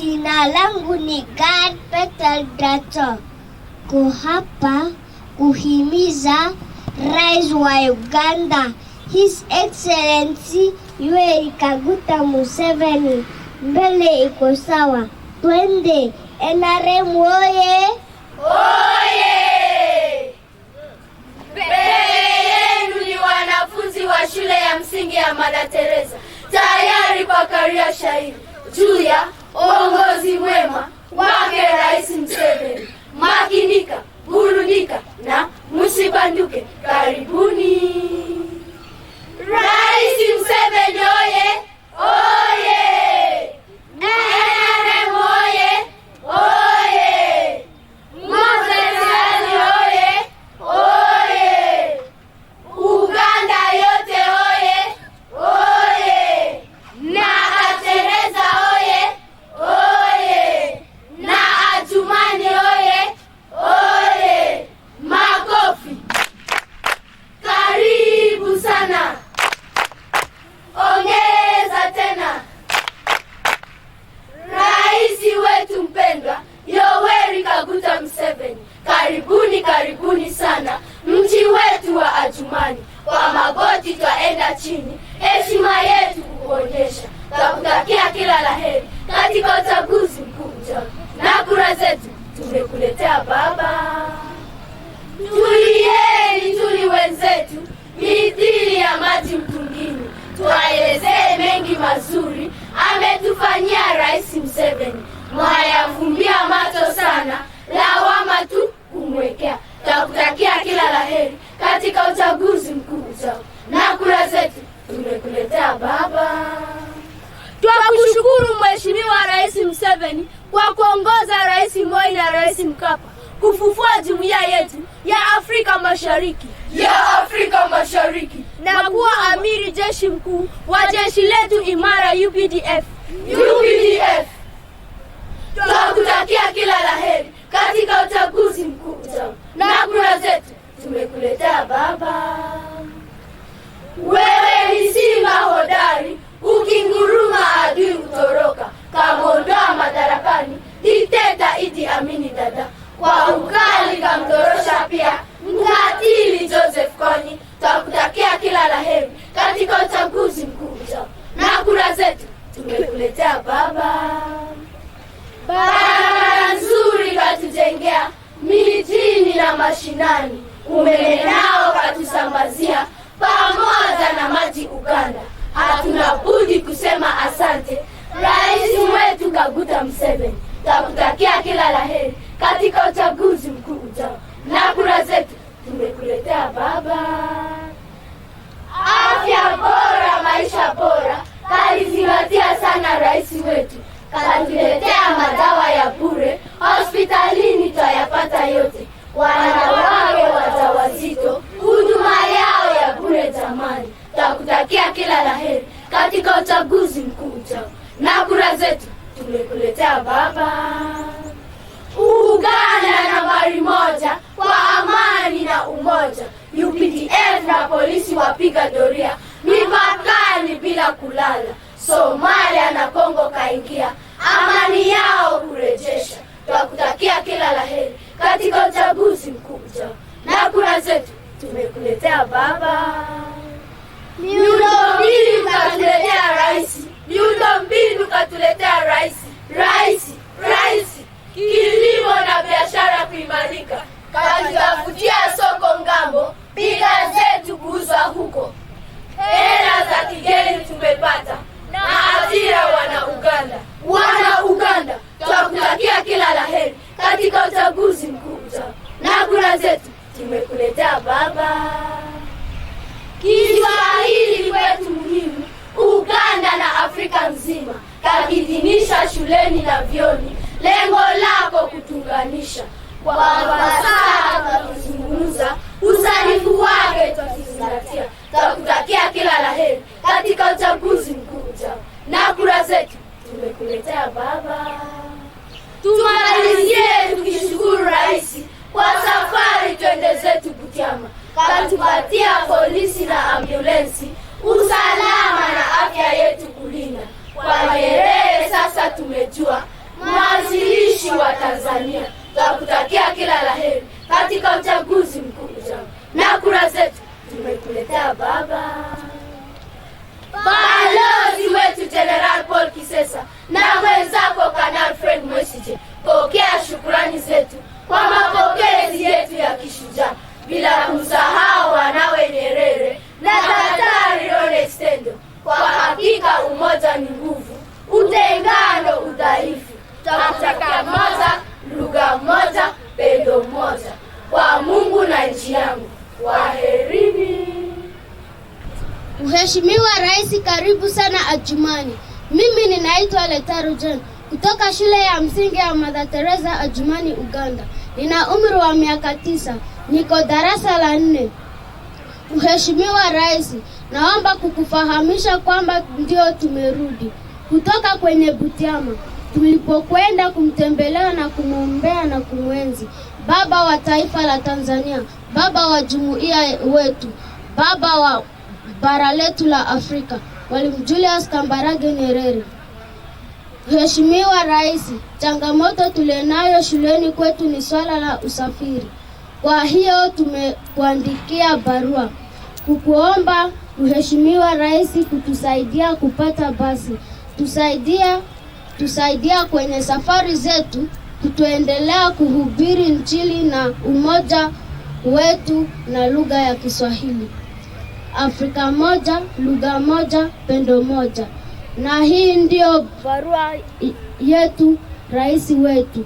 Jina langu ni Gad Peter Dato, kuhapa kuhimiza rais wa Uganda His Excellency Yoweri Kaguta Museveni, mbele iko sawa, twende. NRM oye! Oye! Mbele yenu ni wanafunzi wa shule ya msingi ya Mada Teresa, tayari kwa karia shairi juu ya uongozi mwema wake Rais Museveni. Makinika, burudika na msibanduke. Karibuni. katika uchaguzi mkuja na kura zetu tumekuletea Baba. Tulieni tuli wenzetu mithili ya maji mtungini, tuwaelezee mengi Rais Museveni kwa kuongoza Rais Moi na Rais Mkapa kufufua jumuiya yetu ya Afrika Mashariki ya Afrika Mashariki na kuwa amiri jeshi mkuu wa jeshi letu imara UPDF UPDF. Tunakutakia kila laheri katika uchaguzi mkuu na kwa ukali kamtorosha pia mkatili Joseph Kony. Twakutakia kila la heri katika uchaguzi mkuu ujao, na kura zetu tumekuletea baba. Barabara nzuri katujengea, mijini na mashinani, umeme nao katusambazia, pamoja na maji Uganda. Hatuna budi kusema asante, rais wetu Kaguta Museveni. Twakutakia kila la heri katika uchaguzi mkuu ujao, na kura zetu tumekuletea baba. Afya bora, maisha bora, kalizingatia sana rais wetu, katuletea madawa ya bure hospitalini, twayapata yote, wanawake wajawazito huduma yao ya bure. Jamani, takutakia kila la heri katika uchaguzi mkuu ujao, na kura zetu tumekuletea baba. Uganda nambari moja kwa amani na umoja. UPDF na polisi wapiga doria mipakani bila kulala. Somalia na Kongo kaingia, amani yao kurejesha. Twakutakia kila laheri katika uchaguzi mkuu ujao, na kura zetu tumekuletea baba. Miundombinu katuletea rais, miundombinu katuletea rais, rais mfukko. Hela za kigeni tumepata na ajira, wana Uganda, wana Uganda, twakutakia kila la heri katika uchaguzi mkuu ujao, na kura zetu tumekuletea baba. Kiswahili kwetu muhimu, Uganda na Afrika nzima, kakidinisha shuleni na vyoni, lengo lako kutunganisha. Kwa fasaha tunazungumza usanifu wake twakizingatia. twakutakia kila la heri katika uchaguzi mkuu ujao, na kura zetu tumekuletea Baba. Tumalizie tukishukuru Rais kwa safari, twende zetu Butiama, katupatia polisi Besigye, pokea shukurani zetu kwa mapokezi yetu ya kishujaa, bila kusahau wanawe Nyerere na Daktari onestendo Stendo. Kwa hakika umoja ni nguvu, utengano udhaifu. moja lugha moja, pendo moja kwa Mungu na nchi yangu. Waherini. Mheshimiwa Rais, karibu sana Ajumani. Mimi ninaitwa Letaru John kutoka shule ya msingi ya Mother Teresa Adjumani, Uganda. Nina umri wa miaka tisa, niko darasa la nne. Mheshimiwa Rais, naomba kukufahamisha kwamba ndio tumerudi kutoka kwenye Butiama tulipokwenda kumtembelea na kumwombea na kumwenzi baba wa taifa la Tanzania, baba wa jumuiya wetu, baba wa bara letu la Afrika, Mwalimu Julius Kambarage Nyerere. Mheshimiwa Rais, changamoto tulionayo shuleni kwetu ni swala la usafiri. Kwa hiyo tumekuandikia barua kukuomba Mheshimiwa Rais kutusaidia kupata basi. Tusaidia, tusaidia kwenye safari zetu kutuendelea kuhubiri Injili na umoja wetu na lugha ya Kiswahili. Afrika moja, lugha moja, pendo moja na hii ndio barua yetu rais wetu.